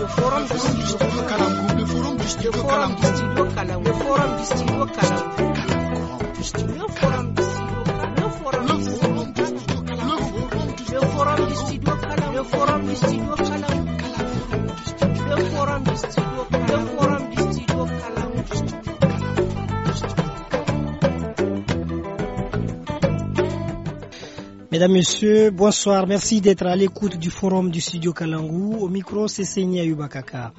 le forum du studio Kalamkou, le forum du studio Kalamkou, le forum du studio forum Mesdames, Messieurs, bonsoir. Merci d'être à l'écoute du forum du studio Kalangou. Au micro, c'est Seigneur Yubakaka.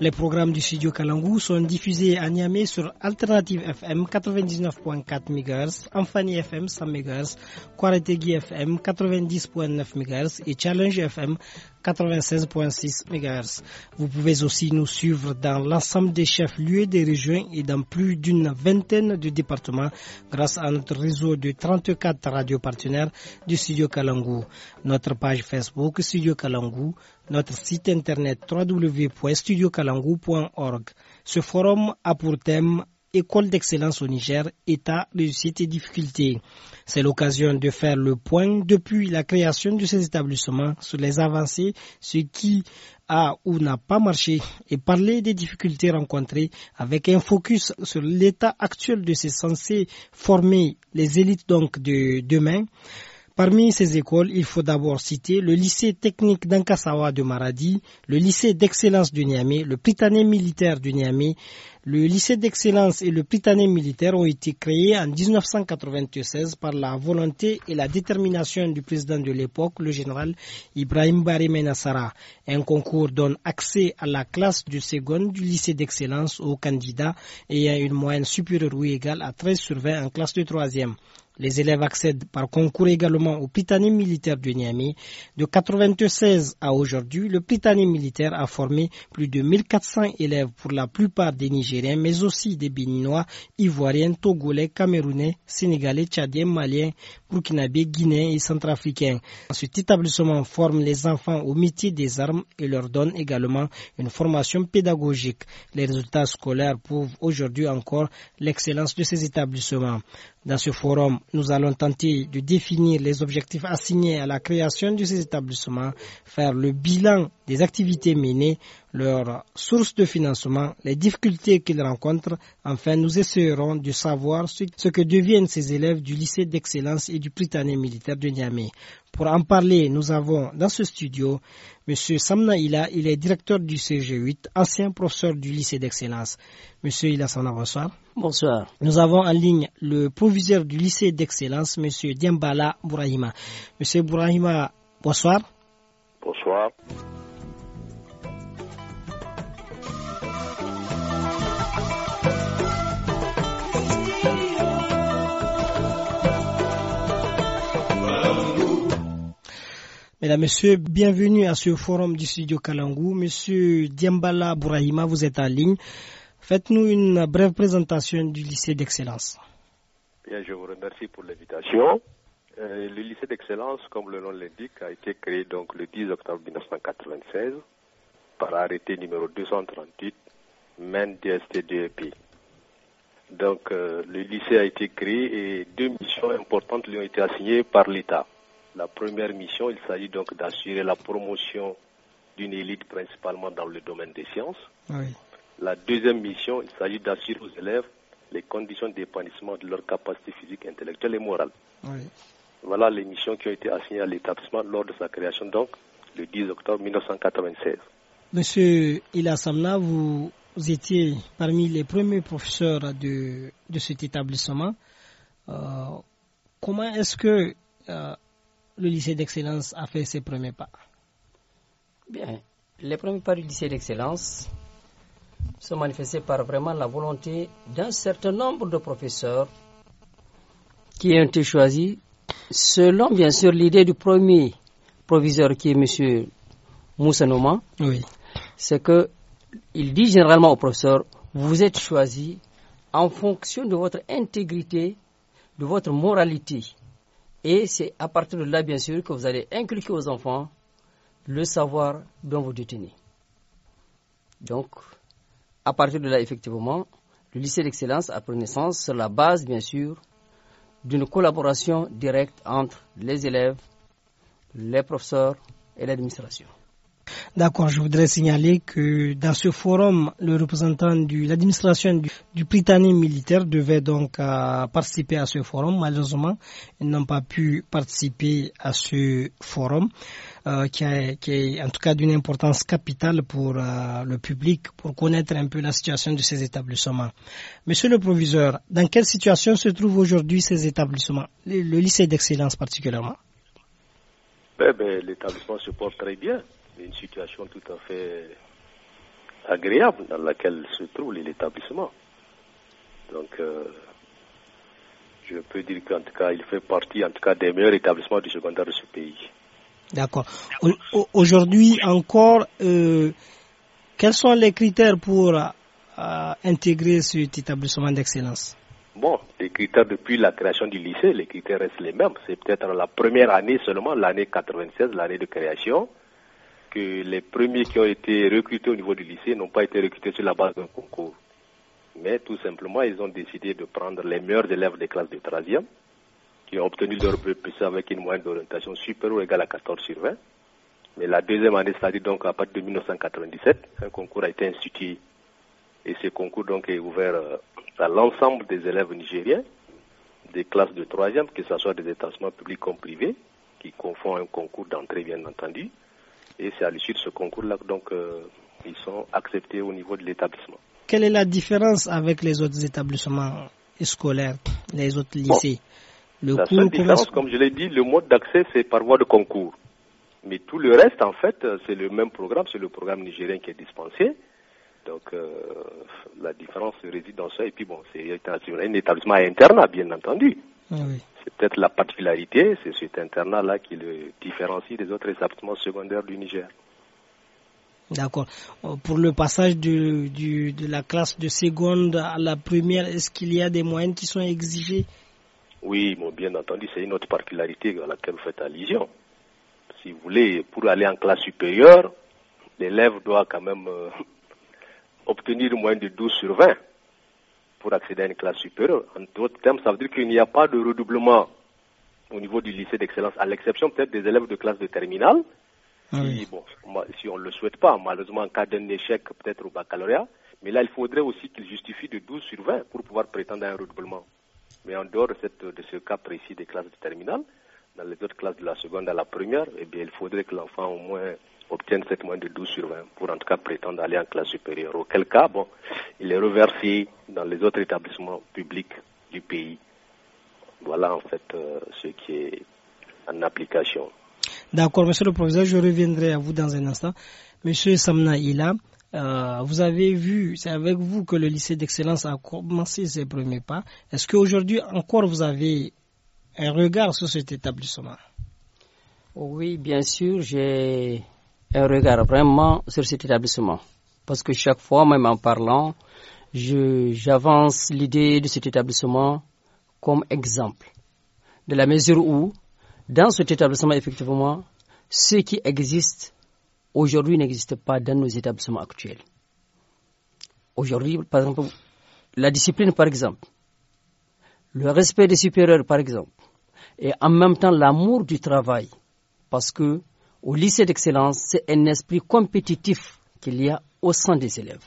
Les programmes du studio Kalangu sont diffusés à Niamey sur Alternative FM 99.4 MHz, Amphani FM 100 MHz, Kwaretegi FM 90.9 MHz et Challenge FM 96.6 MHz. Vous pouvez aussi nous suivre dans l'ensemble des chefs-lieux des régions et dans plus d'une vingtaine de départements grâce à notre réseau de 34 radios partenaires du studio Kalangu. Notre page Facebook Studio Kalangu notre site internet www.studiocalangou.org. Ce forum a pour thème École d'excellence au Niger, état, réussite et difficultés. C'est l'occasion de faire le point depuis la création de ces établissements sur les avancées, ce qui a ou n'a pas marché et parler des difficultés rencontrées avec un focus sur l'état actuel de ces censés former les élites donc de demain. Parmi ces écoles, il faut d'abord citer le lycée technique d'Ankasawa de Maradi, le lycée d'excellence du Niamey, le Pritané militaire du Niamey. Le lycée d'excellence et le Pritané militaire ont été créés en 1996 par la volonté et la détermination du président de l'époque, le général Ibrahim Barimé Nassara. Un concours donne accès à la classe de seconde du lycée d'excellence aux candidats ayant une moyenne supérieure ou égale à 13 sur 20 en classe de troisième. Les élèves accèdent par concours également au Pitani militaire de Niamey. De 1996 à aujourd'hui, le Pitani militaire a formé plus de 1400 élèves pour la plupart des Nigériens, mais aussi des Béninois, Ivoiriens, Togolais, Camerounais, Sénégalais, Tchadiens, Maliens, Burkinabés, Guinéens et Centrafricains. Cet établissement forme les enfants au métier des armes et leur donne également une formation pédagogique. Les résultats scolaires prouvent aujourd'hui encore l'excellence de ces établissements. Dans ce forum, nous allons tenter de définir les objectifs assignés à la création de ces établissements, faire le bilan des activités menées, leurs sources de financement, les difficultés qu'ils rencontrent. Enfin, nous essayerons de savoir ce que deviennent ces élèves du lycée d'excellence et du Britannique militaire de Niamey. Pour en parler, nous avons dans ce studio M. Samna Ila, il est directeur du CG8, ancien professeur du lycée d'excellence. Monsieur Ila Samna, bonsoir. Bonsoir. Nous avons en ligne le proviseur du lycée d'excellence, M. Diambala Bourahima. Monsieur Bourahima, bonsoir. Bonsoir. Mesdames, Messieurs, bienvenue à ce forum du studio Kalangou. Monsieur Diambala Bourahima, vous êtes en ligne. Faites-nous une brève présentation du lycée d'excellence. Bien, je vous remercie pour l'invitation. Euh, le lycée d'excellence, comme le nom l'indique, a été créé donc le 10 octobre 1996 par arrêté numéro 238 main DST 2P. E donc euh, le lycée a été créé et deux missions importantes lui ont été assignées par l'État. La première mission, il s'agit donc d'assurer la promotion d'une élite principalement dans le domaine des sciences. Oui. La deuxième mission, il s'agit d'assurer aux élèves les conditions d'épanouissement de leur capacité physique, intellectuelle et morale. Voilà les missions qui ont été assignées à l'établissement lors de sa création, donc le 10 octobre 1996. Monsieur Ilassamna, vous, vous étiez parmi les premiers professeurs de, cet établissement. Euh, comment est-ce que euh, le lycée d'excellence a fait ses premiers pas Bien, les premiers pas du lycée d'excellence, se manifester par vraiment la volonté d'un certain nombre de professeurs qui ont été choisis selon bien sûr l'idée du premier proviseur qui est M. Moussa Noma. Oui. C'est que il dit généralement aux professeurs vous êtes choisis en fonction de votre intégrité, de votre moralité. Et c'est à partir de là, bien sûr, que vous allez inculquer aux enfants le savoir dont vous détenez. Donc, à partir de là, effectivement, le lycée d'excellence a pris naissance sur la base, bien sûr, d'une collaboration directe entre les élèves, les professeurs et l'administration. D'accord, je voudrais signaler que dans ce forum, le représentant de l'administration du, Britannique militaire devait donc euh, participer à ce forum. Malheureusement, ils n'ont pas pu participer à ce forum euh, qui, est, en tout cas d'une importance capitale pour euh, le public pour connaître un peu la situation de ces établissements. Monsieur le proviseur, dans quelle situation se trouvent aujourd'hui ces établissements, le, lycée d'excellence particulièrement eh ben, L'établissement se porte très bien une situation tout à fait agréable dans laquelle se trouve l'établissement. Donc, euh, je peux dire qu'en tout cas, il fait partie en tout cas des meilleurs établissements du secondaire de ce pays. D'accord. Aujourd'hui encore, euh, quels sont les critères pour euh, intégrer cet établissement d'excellence Bon, les critères depuis la création du lycée, les critères restent les mêmes. C'est peut-être la première année seulement, l'année 96, l'année de création que les premiers qui ont été recrutés au niveau du lycée n'ont pas été recrutés sur la base d'un concours. Mais tout simplement, ils ont décidé de prendre les meilleurs élèves des classes de 3e, qui ont obtenu leur BPC avec une moyenne d'orientation supérieure ou égale à 14 sur 20. Mais la deuxième année, c'est-à-dire donc à partir de 1997, un concours a été institué. Et ce concours donc est ouvert euh, à l'ensemble des élèves nigériens des classes de troisième, que ce soit des établissements publics ou privés, qui confondent un concours d'entrée, bien entendu, et c'est à l'issue de ce concours-là donc euh, ils sont acceptés au niveau de l'établissement. Quelle est la différence avec les autres établissements scolaires, les autres lycées La seule différence, comme je l'ai dit, le mode d'accès, c'est par voie de concours. Mais tout le reste, en fait, c'est le même programme, c'est le programme nigérien qui est dispensé. Donc, euh, la différence réside dans ça. Et puis, bon, c'est un établissement interne, bien entendu. Ah oui. C'est peut-être la particularité, c'est cet internat-là qui le différencie des autres établissements secondaires du Niger. D'accord. Euh, pour le passage de la classe de seconde à la première, est-ce qu'il y a des moyens qui sont exigés Oui, bien entendu, c'est une autre particularité à laquelle vous faites allusion. Si vous voulez, pour aller en classe supérieure, l'élève doit quand même euh, obtenir moins de 12 sur 20 pour accéder à une classe supérieure. En d'autres termes, ça veut dire qu'il n'y a pas de redoublement au niveau du lycée d'excellence, à l'exception peut-être des élèves de classe de terminale. Ah si on ne le souhaite pas, malheureusement, en cas d'un échec peut-être au baccalauréat, mais là, il faudrait aussi qu'il justifie de 12 sur 20 pour pouvoir prétendre à un redoublement. Mais en dehors de, cette, de ce cas précis des classes de terminale, dans les autres classes de la seconde à la première, eh bien, il faudrait que l'enfant au moins obtiennent cette moyenne de 12 sur 20 pour en tout cas prétendre aller en classe supérieure. Auquel cas, bon, il est reversé dans les autres établissements publics du pays. Voilà en fait euh, ce qui est en application. D'accord, monsieur le professeur, je reviendrai à vous dans un instant. Monsieur Samna euh, vous avez vu, c'est avec vous que le lycée d'excellence a commencé ses premiers pas. Est-ce qu'aujourd'hui encore vous avez un regard sur cet établissement Oui, bien sûr, j'ai un regard vraiment sur cet établissement. Parce que chaque fois, même en parlant, j'avance l'idée de cet établissement comme exemple. De la mesure où, dans cet établissement, effectivement, ce qui existe aujourd'hui n'existe pas dans nos établissements actuels. Aujourd'hui, par exemple, la discipline, par exemple, le respect des supérieurs, par exemple, et en même temps l'amour du travail, parce que au lycée d'excellence, c'est un esprit compétitif qu'il y a au sein des élèves.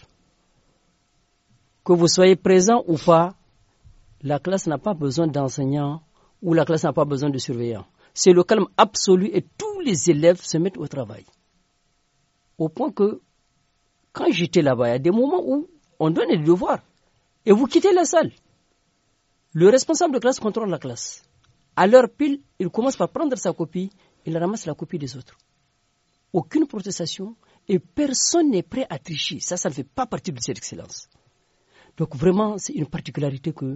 Que vous soyez présent ou pas, la classe n'a pas besoin d'enseignants ou la classe n'a pas besoin de surveillants. C'est le calme absolu et tous les élèves se mettent au travail. Au point que, quand j'étais là-bas, il y a des moments où on donne les devoirs et vous quittez la salle. Le responsable de classe contrôle la classe. À l'heure pile, il commence par prendre sa copie il ramasse la copie des autres. Aucune protestation et personne n'est prêt à tricher. Ça, ça ne fait pas partie du lycée d'excellence. Donc vraiment, c'est une particularité que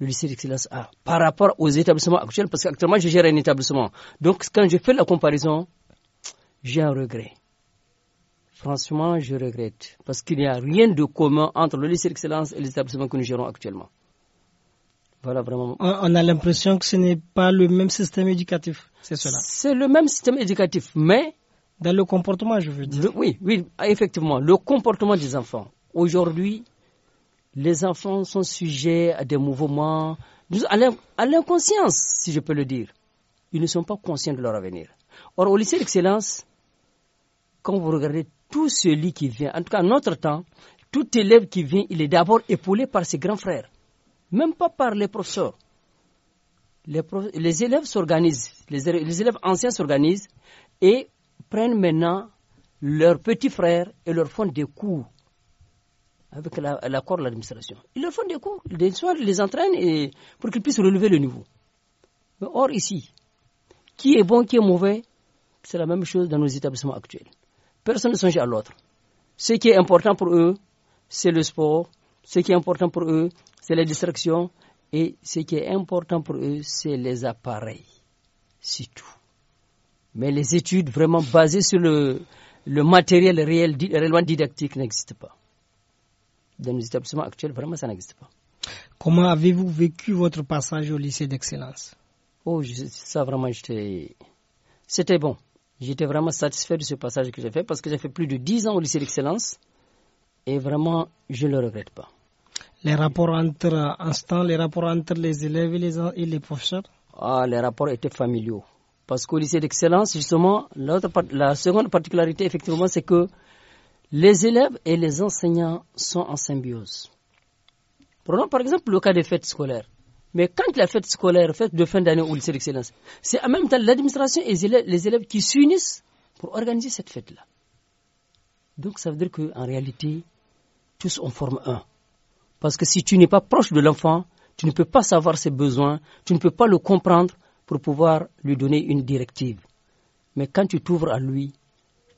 le lycée d'excellence a par rapport aux établissements actuels, parce qu'actuellement, je gère un établissement. Donc quand je fais la comparaison, j'ai un regret. Franchement, je regrette, parce qu'il n'y a rien de commun entre le lycée d'excellence et l'établissement que nous gérons actuellement. Voilà, vraiment. On a l'impression que ce n'est pas le même système éducatif. C'est le même système éducatif, mais. Dans le comportement, je veux dire. oui, oui, effectivement. Le comportement des enfants. Aujourd'hui, les enfants sont sujets à des mouvements, à l'inconscience, si je peux le dire. Ils ne sont pas conscients de leur avenir. Or, au lycée d'excellence, quand vous regardez tout celui qui vient, en tout cas, notre temps, tout élève qui vient, il est d'abord épaulé par ses grands frères, même pas par les professeurs les, élèves s'organisent, les, élèves anciens s'organisent et prennent maintenant leurs petits frères et leur font des cours avec l'accord de l'administration. Ils leur font des cours, ils les entraînent et, pour qu'ils puissent relever le niveau. or, ici, qui est bon, qui est mauvais, c'est la même chose dans nos établissements actuels. Personne ne songe à l'autre. Ce qui est important pour eux, c'est le sport. Ce qui est important pour eux, c'est la distraction. Et ce qui est important pour eux, c'est les appareils, c'est tout. Mais les études vraiment basées sur le, matériel réel, réellement didactique n'existent pas. Dans les établissements actuels, vraiment, ça n'existe pas. Comment avez-vous vécu votre passage au lycée d'excellence Oh, ça vraiment, j'étais... C'était bon. J'étais vraiment satisfait de ce passage que j'ai fait parce que j'ai fait plus de 10 ans au lycée d'excellence et vraiment, je ne le regrette pas les rapports entre instants, les rapports entre les élèves et les, et professeurs ah, Les rapports étaient familiaux. Parce qu'au lycée d'excellence, justement, la seconde particularité, effectivement, c'est que les élèves et les enseignants sont en symbiose. Prenons par exemple le cas des fêtes scolaires. Mais quand la fête scolaire, fête de fin d'année au lycée d'excellence, c'est en même temps l'administration et les élèves, qui s'unissent pour organiser cette fête-là. Donc ça veut dire qu'en réalité, tous en forme un. Parce que si tu n'es pas proche de l'enfant, tu ne peux pas savoir ses besoins, tu ne peux pas le comprendre pour pouvoir lui donner une directive. Mais quand tu t'ouvres à lui,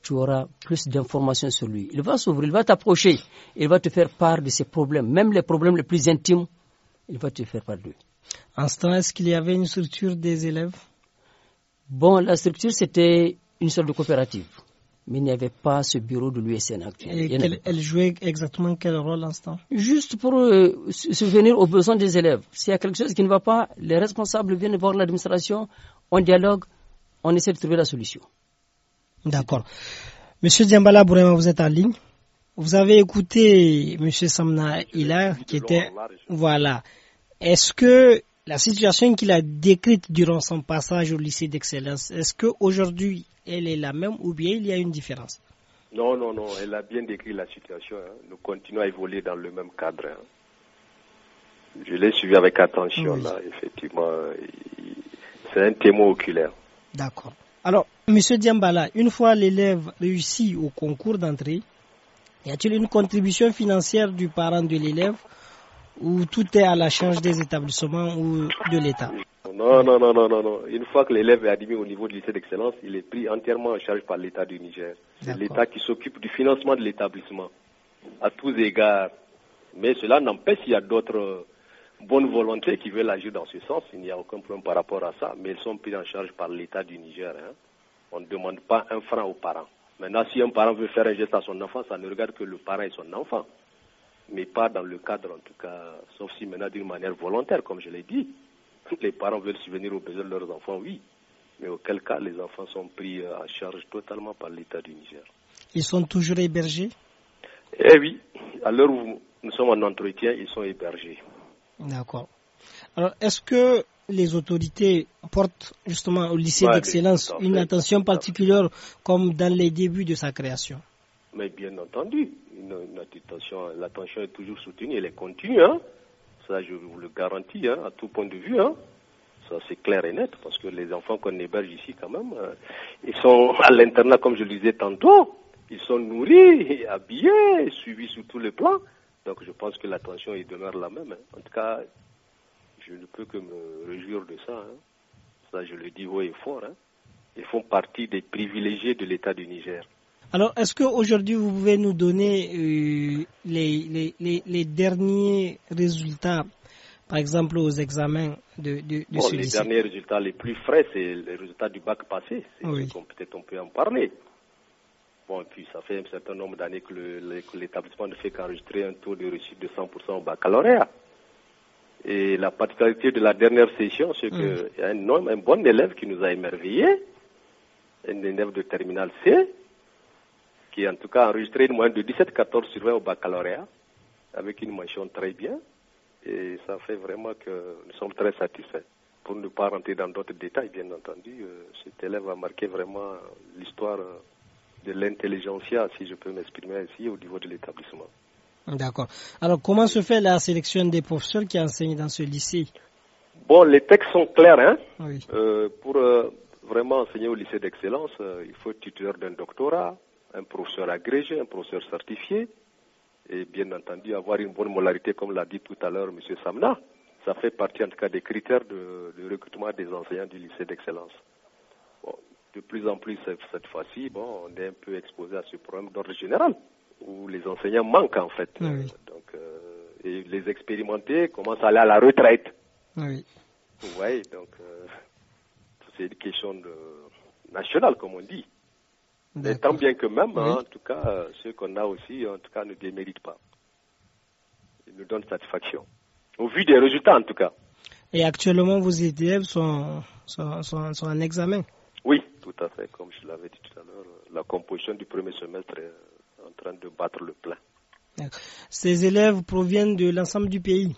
tu auras plus d'informations sur lui. Il va s'ouvrir, il va t'approcher, il va te faire part de ses problèmes, même les problèmes les plus intimes, il va te faire part d'eux. En ce temps, est-ce qu'il y avait une structure des élèves Bon, la structure, c'était une sorte de coopérative mais il n'y avait pas ce bureau de l'USN actuel. elle jouait exactement quel rôle ce l'instant Juste pour euh, se souvenir aux besoins des élèves. S'il y a quelque chose qui ne va pas, les responsables viennent voir l'administration, on dialogue, on essaie de trouver la solution. D'accord. Monsieur Diambala vous êtes en ligne. Vous avez écouté Monsieur Samna Hila, qui était... Voilà. Est-ce que la situation qu'il a décrite durant son passage au lycée d'excellence, est-ce qu'aujourd'hui elle est la même ou bien il y a une différence Non, non, non, elle a bien décrit la situation. Hein. Nous continuons à évoluer dans le même cadre. Hein. Je l'ai suivi avec attention, là, effectivement. C'est un témoin oculaire. D'accord. Alors, Monsieur Diambala, une fois l'élève réussi au concours d'entrée, y a-t-il une contribution financière du parent de l'élève ou tout est à la charge des établissements ou de l'État non, non, non, non, non, Une fois que l'élève est admis au niveau du lycée d'excellence, il est pris entièrement en charge par l'État du Niger. C'est l'État qui s'occupe du financement de l'établissement à tous égards. Mais cela n'empêche qu'il y a d'autres euh, bonnes volontés qui veulent agir dans ce sens. Il n'y a aucun problème par rapport à ça. Mais ils sont pris en charge par l'État du Niger. Hein. On ne demande pas un franc aux parents. Maintenant, si un parent veut faire un geste à son enfant, ça ne regarde que le parent et son enfant mais pas dans le cadre, en tout cas, sauf si maintenant d'une manière volontaire, comme je l'ai dit. Les parents veulent subvenir aux besoins de leurs enfants, oui, mais auquel cas les enfants sont pris euh, en charge totalement par l'État du Niger. Ils sont toujours hébergés Eh oui, à l'heure où nous sommes en entretien, ils sont hébergés. D'accord. Alors, est-ce que les autorités portent justement au lycée d'excellence une attention particulière comme dans les débuts de sa création mais bien entendu, l'attention est toujours soutenue, elle est continue. Hein. Ça, je vous le garantis, hein, à tout point de vue. Hein. Ça, c'est clair et net, parce que les enfants qu'on héberge ici, quand même, euh, ils sont à l'internat, comme je le disais tantôt. Ils sont nourris, habillés, suivis sur tous les plans. Donc, je pense que l'attention est demeure la même. En tout cas, je ne peux que me réjouir de ça. Ça, je le dis haut et fort. Ils font partie des privilégiés de l'État du Niger. Alors, est-ce qu'aujourd'hui, vous pouvez nous donner euh, les, derniers résultats, par exemple, aux examens de, de, Les derniers résultats les plus frais, c'est les résultats du bac passé. Peut-être on peut en parler. Bon, et puis ça fait un certain nombre d'années que l'établissement ne fait qu'enregistrer un taux de réussite de 100% au baccalauréat. Et la particularité de la dernière session, c'est mm. que qu'il y a un, un bon élève qui nous a émerveillés, un élève de terminal C, qui en tout cas enregistré une moyenne de 17-14 sur 20 au baccalauréat, avec une mention très bien. Et ça fait vraiment que nous sommes très satisfaits. Pour ne pas rentrer dans d'autres détails, bien entendu, euh, cet élève a marqué vraiment l'histoire euh, de l'intelligentsia, si je peux m'exprimer ainsi, au niveau de l'établissement. D'accord. Alors, comment se fait la sélection des professeurs qui enseignent dans ce lycée Bon, les textes sont clairs. Hein. Euh, pour vraiment enseigner au lycée d'excellence, il faut être tuteur d'un doctorat, un professeur agrégé, un professeur certifié, et bien entendu avoir une bonne molarité, comme l'a dit tout à l'heure M. Samna. Ça fait partie en tout cas des critères de, recrutement des enseignants du lycée d'excellence. de plus en plus cette fois-ci, bon, on est un peu exposé à ce problème d'ordre général, où les enseignants manquent en fait. Ah donc, euh, et les expérimentés commencent à aller à la retraite. Ah oui. donc euh, c'est une question de, nationale, comme on dit. Mais tant bien que même, hein, en tout cas, euh, ceux qu'on a aussi, en tout cas, ne déméritent pas. Ils nous donnent satisfaction. Au vu des résultats, en tout cas. Et actuellement, vos élèves sont, sont, sont, en examen Oui, tout à fait. Comme je l'avais dit tout à l'heure, euh, la composition du premier semestre est euh, en train de battre le plein. Ces élèves proviennent de l'ensemble du pays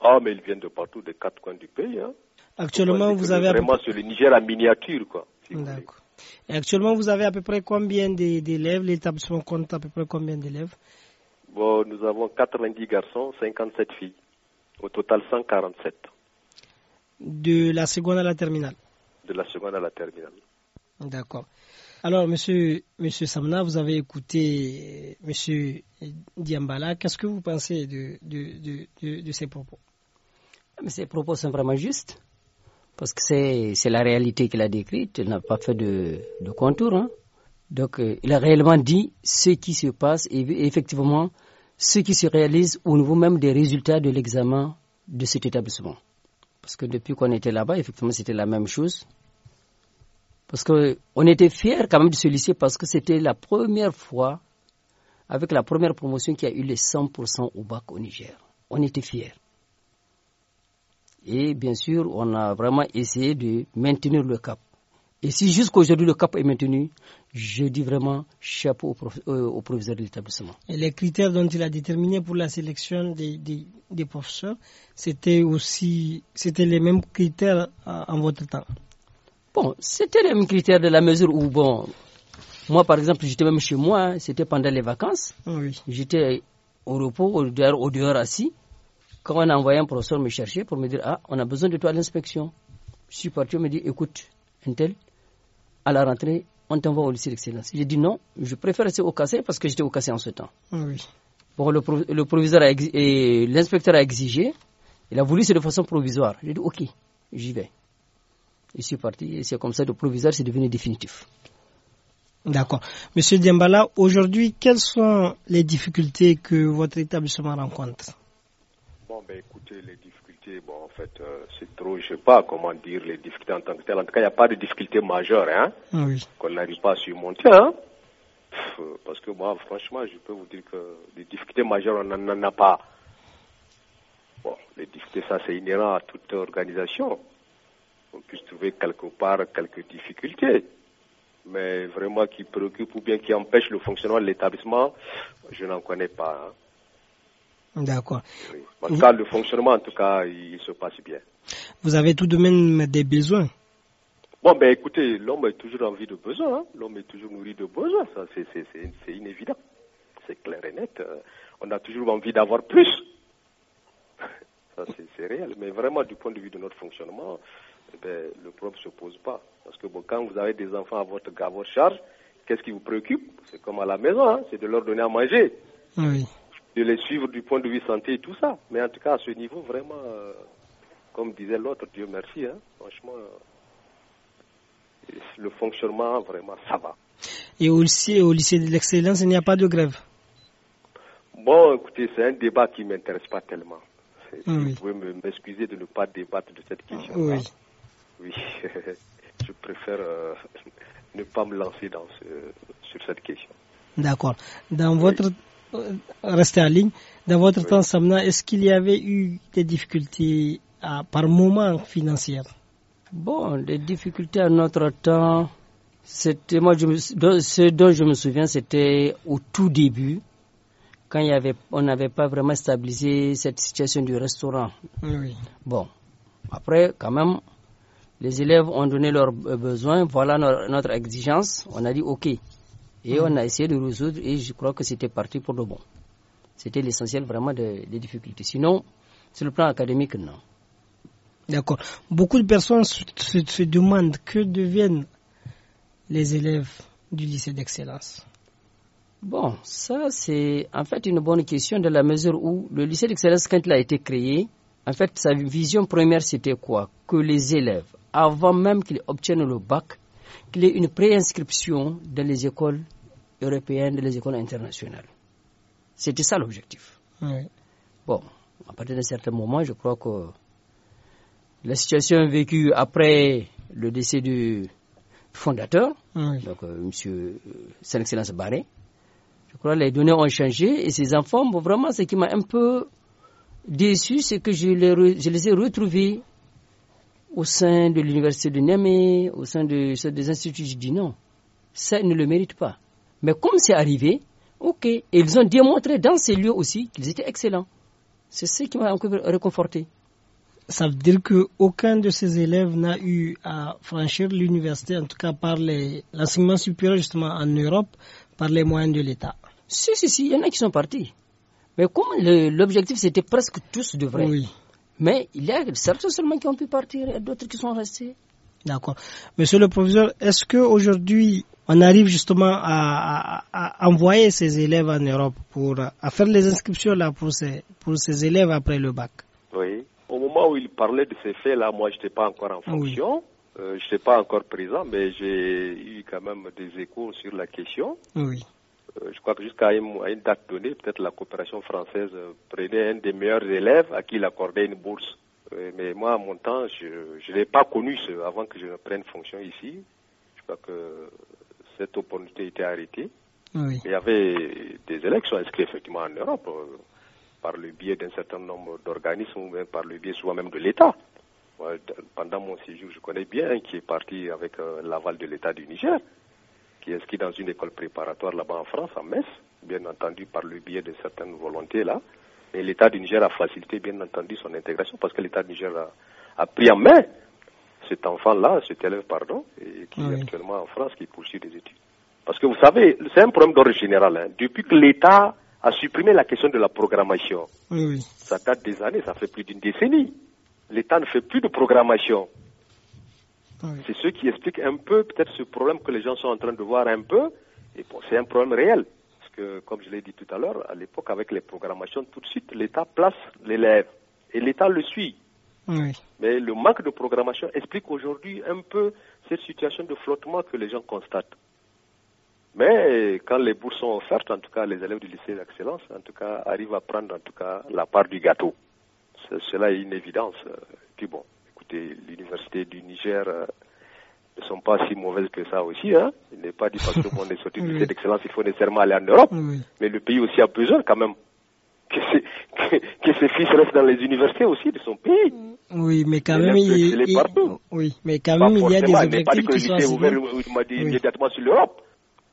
Ah, mais ils viennent de partout, des quatre coins du pays. Hein. Actuellement, vous avez... Vraiment, sur le Niger à miniature, quoi. D'accord. Actuellement, vous avez à peu près combien d'élèves L'établissement compte à peu près combien d'élèves bon, Nous avons 90 garçons, 57 filles. Au total, 147. De la seconde à la terminale De la seconde à la terminale. D'accord. Alors, monsieur, monsieur Samna, vous avez écouté euh, monsieur Diambala. Qu'est-ce que vous pensez de, de ses propos Ces propos sont vraiment justes. Parce que c'est la réalité qu'il a décrite, il n'a pas fait de, de contour. Hein. Donc euh, il a réellement dit ce qui se passe et effectivement ce qui se réalise au niveau même des résultats de l'examen de cet établissement. Parce que depuis qu'on était là-bas, effectivement, c'était la même chose. Parce qu'on était fiers quand même de ce lycée parce que c'était la première fois, avec la première promotion, qui a eu les 100% au bac au Niger. On était fiers. Et bien sûr, on a vraiment essayé de maintenir le cap. Et si jusqu'aujourd'hui le cap est maintenu, je dis vraiment chapeau au, euh, professeur de l'établissement. Et les critères dont il a déterminé pour la sélection des, professeurs, c'était aussi c'était les mêmes critères en votre temps. Bon, c'était les mêmes critères de la mesure où bon, moi par exemple, j'étais même chez moi, hein, c'était pendant les vacances, j'étais au repos, au dehors assis. Quand on a envoyé un professeur me chercher pour me dire Ah, on a besoin de toi à l'inspection. Je suis parti, on me dit Écoute, Intel, à la rentrée, on t'envoie au lycée d'excellence. J'ai dit non, je préfère rester au cassé parce que j'étais au cassé en ce temps. Ah oui. Bon, le, proviseur l'inspecteur a exigé, il a voulu c'est de façon provisoire. J'ai dit ok, j'y vais. Je suis parti et c'est comme ça, le proviseur s'est devenu définitif. D'accord. Monsieur Diambala, aujourd'hui, quelles sont les difficultés que votre établissement rencontre ben, écoutez, les difficultés, bon, en fait, euh, c'est trop, je ne sais pas comment dire les difficultés en tant que telles. En tout cas, il n'y a pas de difficultés majeures, hein, ah qu'on n'arrive pas à surmonter, hein. parce que moi, franchement, je peux vous dire que des difficultés majeures, on n'en a pas. Bon, les difficultés, ça, c'est inhérent à toute organisation. On puisse trouver quelque part quelques difficultés mais vraiment qui préoccupe ou bien qui empêche le fonctionnement de l'établissement, je n'en connais pas. Hein. D'accord. En tout cas, le fonctionnement, en tout cas, il, se passe bien. Vous avez tout de même des besoins Bon, ben écoutez, l'homme est toujours envie de besoin, hein. l'homme est toujours nourri de besoin, ça c'est inévident, c'est clair et net. Euh. On a toujours envie d'avoir plus, ça c'est réel, mais vraiment du point de vue de notre fonctionnement, eh ben, le problème ne se pose pas. Parce que bon, quand vous avez des enfants à votre, à charge, qu'est-ce qui vous préoccupe C'est comme à la maison, hein. c'est de leur donner à manger. Oui de les suivre du point de vue santé et tout ça. Mais en tout cas, à ce niveau, vraiment, euh, comme disait l'autre, Dieu merci, hein, franchement, euh, le fonctionnement, vraiment, ça va. Et au lycée, au lycée de l'excellence, il n'y a pas de grève Bon, écoutez, c'est un débat qui ne m'intéresse pas tellement. Ah vous pouvez m'excuser de ne pas débattre de cette question. Oui. Oui, je préfère euh, ne pas me lancer dans sur cette question. D'accord. Dans votre euh, rester en ligne. Dans votre temps, Samna, est-ce qu'il y avait eu des difficultés par moment financières Bon, les difficultés à notre temps, c'était moi, je ce dont je me souviens, c'était au tout début, quand il y avait, on n'avait pas vraiment stabilisé cette situation du restaurant. Bon, après, quand même, les élèves ont donné leurs euh, besoins, voilà notre exigence. On a dit OK. Et hmm. on a essayé de résoudre et je crois que c'était parti pour le bon. C'était l'essentiel vraiment des difficultés. Sinon, sur le plan académique, non. D'accord. Beaucoup de personnes se, se, demandent que deviennent les élèves du lycée d'excellence. Bon, ça c'est en fait une bonne question de la mesure où le lycée d'excellence, quand il a été créé, en fait sa vision première c'était quoi Que les élèves, avant même qu'ils obtiennent le bac, qu'il y ait une préinscription dans les écoles européennes, dans les écoles internationales. C'était ça l'objectif. Bon, à partir d'un certain moment, je crois que la situation vécue après le décès du fondateur, donc M. Euh, monsieur euh, Excellence Barré, je crois que les données ont changé et ces enfants, vraiment, ce qui m'a un peu déçu, c'est que je les, je les ai retrouvés au sein de l'université de Niamey, au sein de, des instituts. Je dis non, ça ne le mérite pas. Mais comme c'est arrivé, ok, et ils ont démontré dans ces lieux aussi qu'ils étaient excellents. C'est ce qui m'a encore réconforté. Ça veut dire qu'aucun de ces élèves n'a eu à franchir l'université, en tout cas par l'enseignement supérieur justement en Europe, par les moyens de l'État. Si, si, si, il y en a qui sont partis. Mais comme l'objectif, c'était presque tous de vrai. Oui. Mais il y a certains seulement qui ont pu partir et d'autres qui sont restés. D'accord. Monsieur le professeur, est-ce qu'aujourd'hui, on arrive justement à, envoyer ces élèves en Europe pour à faire les inscriptions là pour ces, élèves après le bac Oui. Au moment où il parlait de ces faits-là, moi, je n'étais pas encore en fonction. Euh, je n'étais pas encore présent, mais j'ai eu quand même des échos sur la question. Oui. Euh, je crois que jusqu'à une, date donnée, peut-être la coopération française prenait un des meilleurs élèves à qui il accordait une bourse. Euh, mais moi, à mon temps, je ne l'ai pas connu avant que je prenne fonction ici. Je crois que cette opportunité était arrêtée. Il y avait des élections inscrites effectivement en Europe euh, par le biais d'un certain nombre d'organismes ou même par le biais souvent même de l'État. Pendant mon séjour, je connais bien un qui est parti avec l'aval de l'État du Niger inscrit dans une école préparatoire là-bas en France, à Metz, bien entendu par le biais de certaines volontés là. Mais l'État du Niger a facilité, bien entendu, son intégration parce que l'État du Niger a, pris en main cet enfant-là, cet élève, pardon, qui est actuellement en France, qui poursuit des études. Parce que vous savez, c'est un problème d'ordre général. Hein. Depuis que l'État a supprimé la question de la programmation, ça date des années, ça fait plus d'une décennie. L'État ne fait plus de programmation. C'est ce qui explique un peu peut-être ce problème que les gens sont en train de voir un peu. Et c'est un problème réel. Parce que, comme je l'ai dit tout à l'heure, à l'époque, avec les programmations, tout de suite, l'État place l'élève. Et l'État le suit. Mais le manque de programmation explique aujourd'hui un peu cette situation de flottement que les gens constatent. Mais quand les bourses sont offertes, en tout cas les élèves du lycée d'excellence, en tout cas, arrivent à prendre en tout cas la part du gâteau. Cela est une évidence. puis euh, bon, l'université, du Niger euh, ne sont pas si mauvaises que ça aussi. Hein. Il n'est pas dit parce que monde est sorti de cette excellence, il faut nécessairement aller en Europe. Mais le pays aussi a besoin quand même que, ses fils restent dans les universités aussi de son pays. Oui, mais quand même, il, il, oui, mais quand même il y a des objectifs pas dit que qui sont immédiatement sur l'Europe.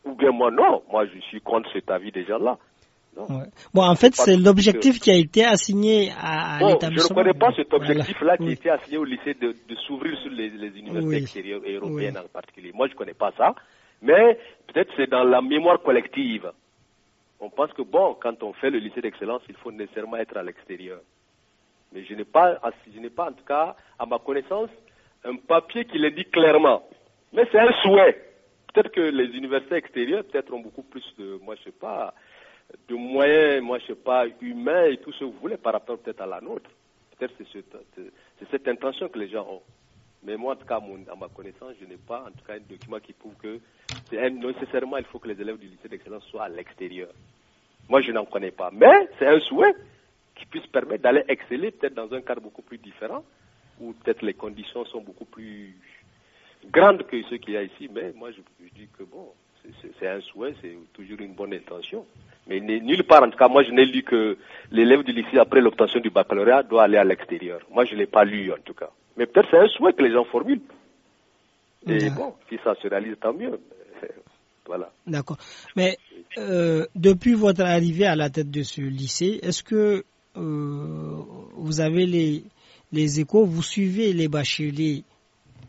Ou bien moi, non. Moi, je suis contre cet avis déjà là Bon, en fait, c'est l'objectif qui a été assigné à, l'établissement. Je ne connais pas cet objectif-là qui a été assigné au lycée de, s'ouvrir sur les, universités extérieures européennes en particulier. Moi, je ne connais pas ça, mais peut-être c'est dans la mémoire collective. On pense que, bon, quand on fait le lycée d'excellence, il faut nécessairement être à l'extérieur. Mais je n'ai pas, pas, en tout cas, à ma connaissance, un papier qui le dit clairement. Mais c'est un souhait. Peut-être que les universités extérieures, peut-être ont beaucoup plus de, moi, je sais pas, de moyens, moi je sais pas, humains et tout ce que vous voulez par rapport peut-être à la nôtre. Peut-être c'est cette intention que les gens ont. Mais moi, en tout cas, à ma connaissance, je n'ai pas en tout cas un document qui prouve que nécessairement il faut que les élèves du lycée d'excellence soient à l'extérieur. Moi, je n'en connais pas. Mais c'est un souhait qui puisse permettre d'aller exceller peut-être dans un cadre beaucoup plus différent, où peut-être les conditions sont beaucoup plus grandes que ce qu'il y a ici. Mais moi, je dis que bon, c'est un souhait, c'est toujours une bonne intention. Mais nulle part, en tout cas, moi je n'ai lu que l'élève du lycée, après l'obtention du baccalauréat, doit aller à l'extérieur. Moi je ne l'ai pas lu, en tout cas. Mais peut-être c'est un souhait que les gens formulent. Et bon, si ça se réalise, tant mieux. Voilà. D'accord. Mais euh, depuis votre arrivée à la tête de ce lycée, est-ce que euh, vous avez les, les échos, vous suivez les bacheliers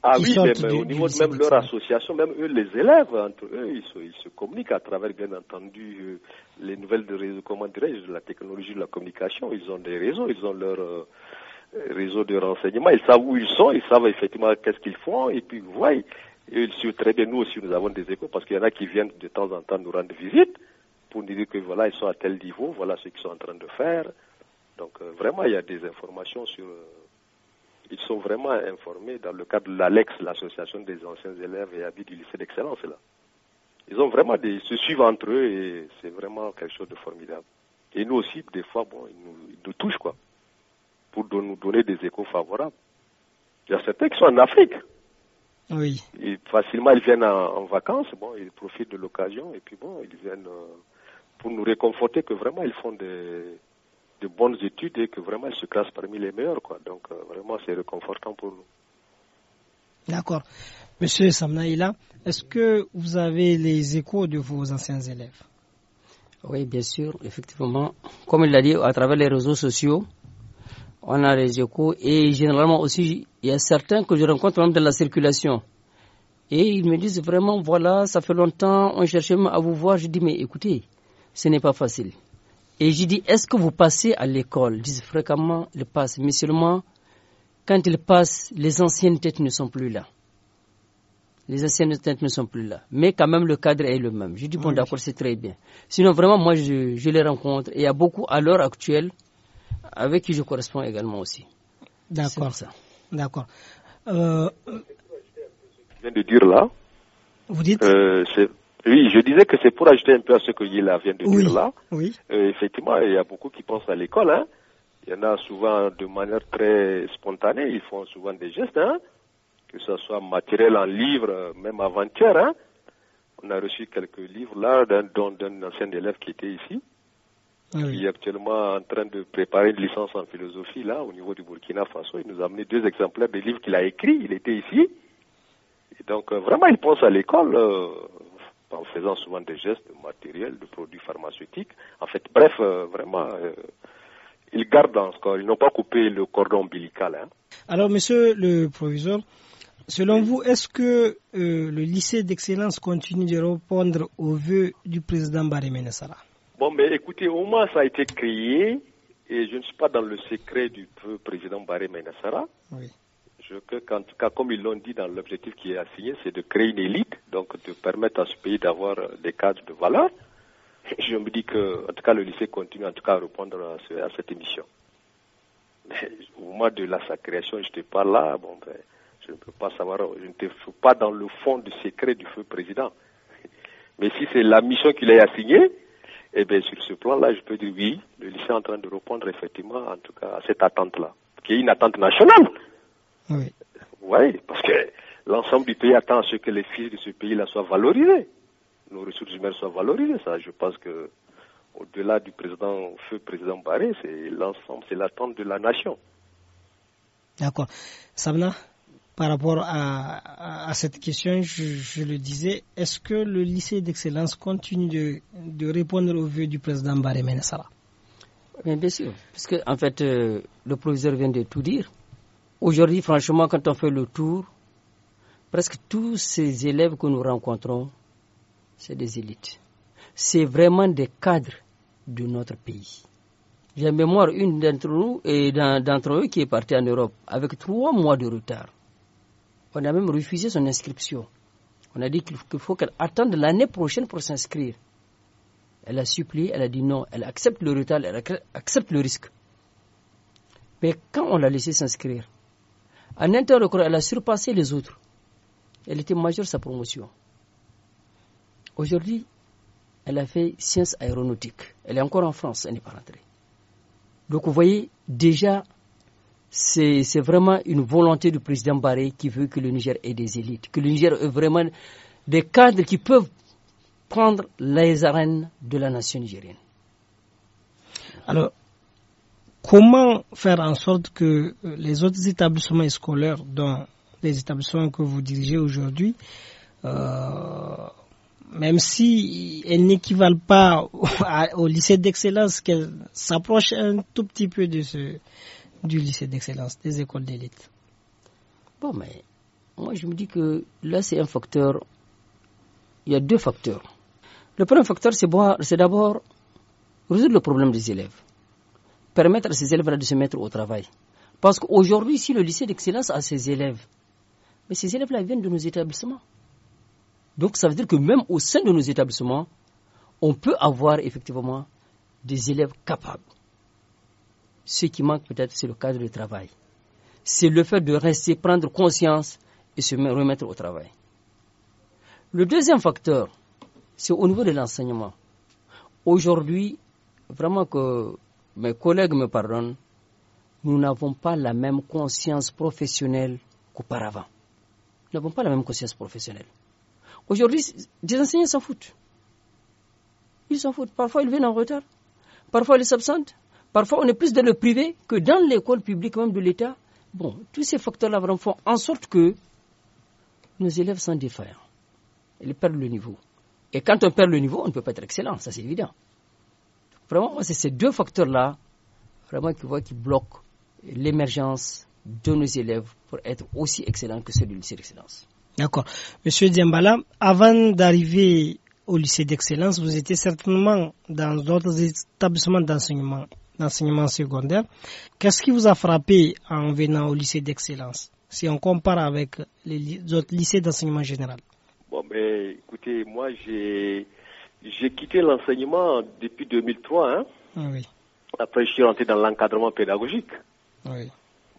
ah oui, même, au niveau de même leur association, même eux, les élèves, entre eux, ils se, ils se communiquent à travers, bien entendu, euh, les nouvelles de réseau, comment dirais-je, de la technologie de la communication. Ils ont des réseaux, ils ont leur euh, réseau de renseignement, ils savent où ils sont, ils savent effectivement qu'est-ce qu'ils font, et puis, vous voyez, ils suivent très bien. Nous aussi, nous avons des échos, parce qu'il y en a qui viennent de temps en temps nous rendre visite pour nous dire que voilà, ils sont à tel niveau, voilà ce qu'ils sont en train de faire. Donc, euh, vraiment, il y a des informations sur ils sont vraiment informés dans le cadre de l'ALEX, l'association des anciens élèves et habits du lycée d'excellence. là. Ils ont vraiment des, ils se suivent entre eux et c'est vraiment quelque chose de formidable. Et nous aussi, des fois, bon, ils nous, touchent, quoi, pour nous donner des échos favorables. Il y a certains qui sont en Afrique. Oui. Et facilement, ils viennent en, vacances, bon, ils profitent de l'occasion et puis bon, ils viennent euh, pour nous réconforter que vraiment ils font des, de bonnes études et que vraiment elle se classe parmi les meilleurs. Quoi. Donc euh, vraiment, c'est réconfortant pour nous. D'accord. Monsieur Samnaïla, est-ce que vous avez les échos de vos anciens élèves Oui, bien sûr, effectivement. Comme il l'a dit, à travers les réseaux sociaux, on a les échos et généralement aussi, il y a certains que je rencontre même dans la circulation. Et ils me disent vraiment, voilà, ça fait longtemps, on cherchait à vous voir. Je dis, mais écoutez, ce n'est pas facile. Et j'ai dit, est-ce que vous passez à l'école Ils disent fréquemment, ils passent, mais seulement quand ils passent, les anciennes têtes ne sont plus là. Les anciennes têtes ne sont plus là. Mais quand même, le cadre est le même. J'ai dit, bon, d'accord, c'est très bien. Sinon, vraiment, moi, je, les rencontre. Et il y a beaucoup, à l'heure actuelle, avec qui je corresponds également aussi. D'accord. ça. D'accord. Euh, euh, je viens de dire là. Vous dites euh, oui, je disais que c'est pour ajouter un peu à ce que Yéla vient de dire là. Oui. Euh, effectivement, il y a beaucoup qui pensent à l'école. Hein. Il y en a souvent de manière très spontanée, ils font souvent des gestes, hein, que ce soit matériel en livre, même aventure. Hein. On a reçu quelques livres là d'un ancien élève qui était ici, ah oui. qui est actuellement en train de préparer une licence en philosophie là au niveau du Burkina Faso. Il nous a amené deux exemplaires des livres qu'il a écrits, il était ici. Et donc euh, vraiment, il pense à l'école. Euh, en faisant souvent des gestes matériels, de produits pharmaceutiques. En fait, bref, euh, vraiment, euh, ils gardent encore, ils n'ont pas coupé le cordon ombilical. Hein. Alors, monsieur le proviseur, selon vous, est-ce que euh, le lycée d'excellence continue de répondre aux voeux du président Baré Menesara Bon, mais écoutez, au moins ça a été créé, et je ne suis pas dans le secret du président Baré Menesara. Oui je, que, en tout cas, comme ils l'ont dit dans l'objectif qui est assigné, c'est de créer une élite, donc de permettre à ce pays d'avoir euh, des cadres de valeur. Je me dis que, en tout cas, le lycée continue en tout cas à répondre à, cette émission. Mais au moment de la, sa création, je n'étais pas là. Bon, ben, je ne peux pas savoir, je ne suis pas dans le fond du secret du feu président. Mais si c'est la mission qu'il a assignée, eh bien, sur ce plan-là, je peux dire oui, le lycée est en train de répondre effectivement, en tout cas, à cette attente-là, qui est une attente nationale. Oui. parce que l'ensemble du pays attend à ce que les fils de ce pays-là soient valorisés. Nos ressources humaines soient valorisées. je pense que au-delà du président, feu président Barré, c'est l'ensemble, c'est l'attente de la nation. D'accord. Sabna, par rapport à, cette question, je, le disais, est-ce que le lycée d'excellence continue de, répondre aux vœux du président Barré Ménessara bien, sûr, parce en fait, euh, le proviseur vient de tout dire. Aujourd'hui, franchement, quand on fait le tour, presque tous ces élèves que nous rencontrons, c'est des élites. C'est vraiment des cadres de notre pays. J'ai mémoire une d'entre nous et d'entre eux qui est parti en Europe avec trois mois de retard. On a même refusé son inscription. On a dit qu'il faut qu'elle attende l'année prochaine pour s'inscrire. Elle a supplié, elle a dit non, elle accepte le retard, elle accepte le risque. Mais quand on l'a laissé s'inscrire, en interlocuteur, elle a surpassé les autres. Elle était majeure sa promotion. Aujourd'hui, elle a fait sciences aéronautiques. Elle est encore en France, elle n'est pas rentrée. Donc vous voyez, déjà, c'est vraiment une volonté du président Barré qui veut que le Niger ait des élites, que le Niger ait vraiment des cadres qui peuvent prendre les arènes de la nation nigérienne. Alors, Comment faire en sorte que euh, les autres établissements scolaires, dont les établissements que vous dirigez aujourd'hui, euh, même si elles n'équivalent pas au lycée d'excellence, qu'elles s'approchent un tout petit peu de ce, du lycée d'excellence, des écoles d'élite. Bon, mais moi je me dis que là c'est un facteur, il y a deux facteurs. Le premier facteur c'est d'abord résoudre le problème des élèves permettre à ces élèves-là de se mettre au travail. Parce qu'aujourd'hui, si le lycée d'excellence a ses élèves, mais ces élèves-là viennent de nos établissements. Donc ça veut dire que même au sein de nos établissements, on peut avoir effectivement des élèves capables. Ce qui manque peut-être, c'est le cadre de travail. C'est le fait de rester, prendre conscience et se remettre au travail. Le deuxième facteur, c'est au niveau de l'enseignement. Aujourd'hui, vraiment que mes collègues me pardonnent, nous n'avons pas la même conscience professionnelle qu'auparavant. Nous n'avons pas la même conscience professionnelle. Aujourd'hui, des enseignants s'en foutent. Ils s'en foutent. Parfois, ils viennent en retard. Parfois, ils s'absentent. Parfois, on est plus dans le privé que dans l'école publique, même de l'État. Bon, tous ces facteurs-là font en sorte que nos élèves sont défaillants. Ils perdent le niveau. Et quand on perd le niveau, on ne peut pas être excellent, ça c'est évident. Vraiment, c'est ces deux facteurs-là, vraiment, qui, qui bloquent l'émergence de nos élèves pour être aussi excellents que ceux du lycée d'excellence. D'accord. Monsieur Diambala, avant d'arriver au lycée d'excellence, vous étiez certainement dans d'autres établissements d'enseignement, d'enseignement secondaire. Qu'est-ce qui vous a frappé en venant au lycée d'excellence, si on compare avec les autres lycées d'enseignement général Bon, ben, écoutez, moi, j'ai j'ai quitté l'enseignement depuis 2003. Hein. Ah oui. Après, je suis rentré dans l'encadrement pédagogique. Ah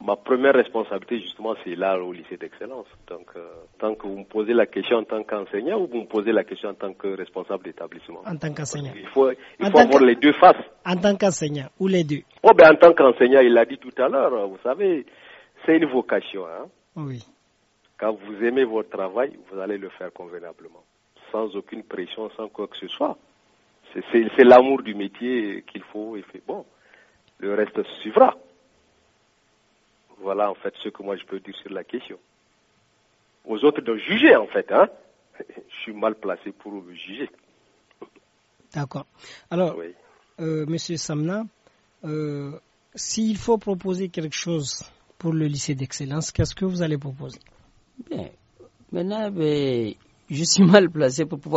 Ma première responsabilité, justement, c'est là au lycée d'excellence. Donc, euh, tant que vous me posez la question en tant qu'enseignant ou vous me posez la question en tant que responsable d'établissement En tant qu'enseignant. Il faut, il avoir les deux faces. En tant qu'enseignant ou les deux oh, ben, En tant qu'enseignant, il l'a dit tout à l'heure, hein, vous savez, c'est une vocation. Hein. Oui. Quand vous aimez votre travail, vous allez le faire convenablement sans aucune pression, sans quoi que ce soit. C'est l'amour du métier qu'il faut et fait bon. Le reste suivra. Voilà en fait ce que moi je peux dire sur la question. Aux autres de juger en fait, hein. Je suis mal placé pour me juger. D'accord. Alors, euh, Monsieur Samna, euh, s'il faut proposer quelque chose pour le lycée d'excellence, qu'est-ce que vous allez proposer Bien, maintenant, ben, je suis mal placé pour pouvoir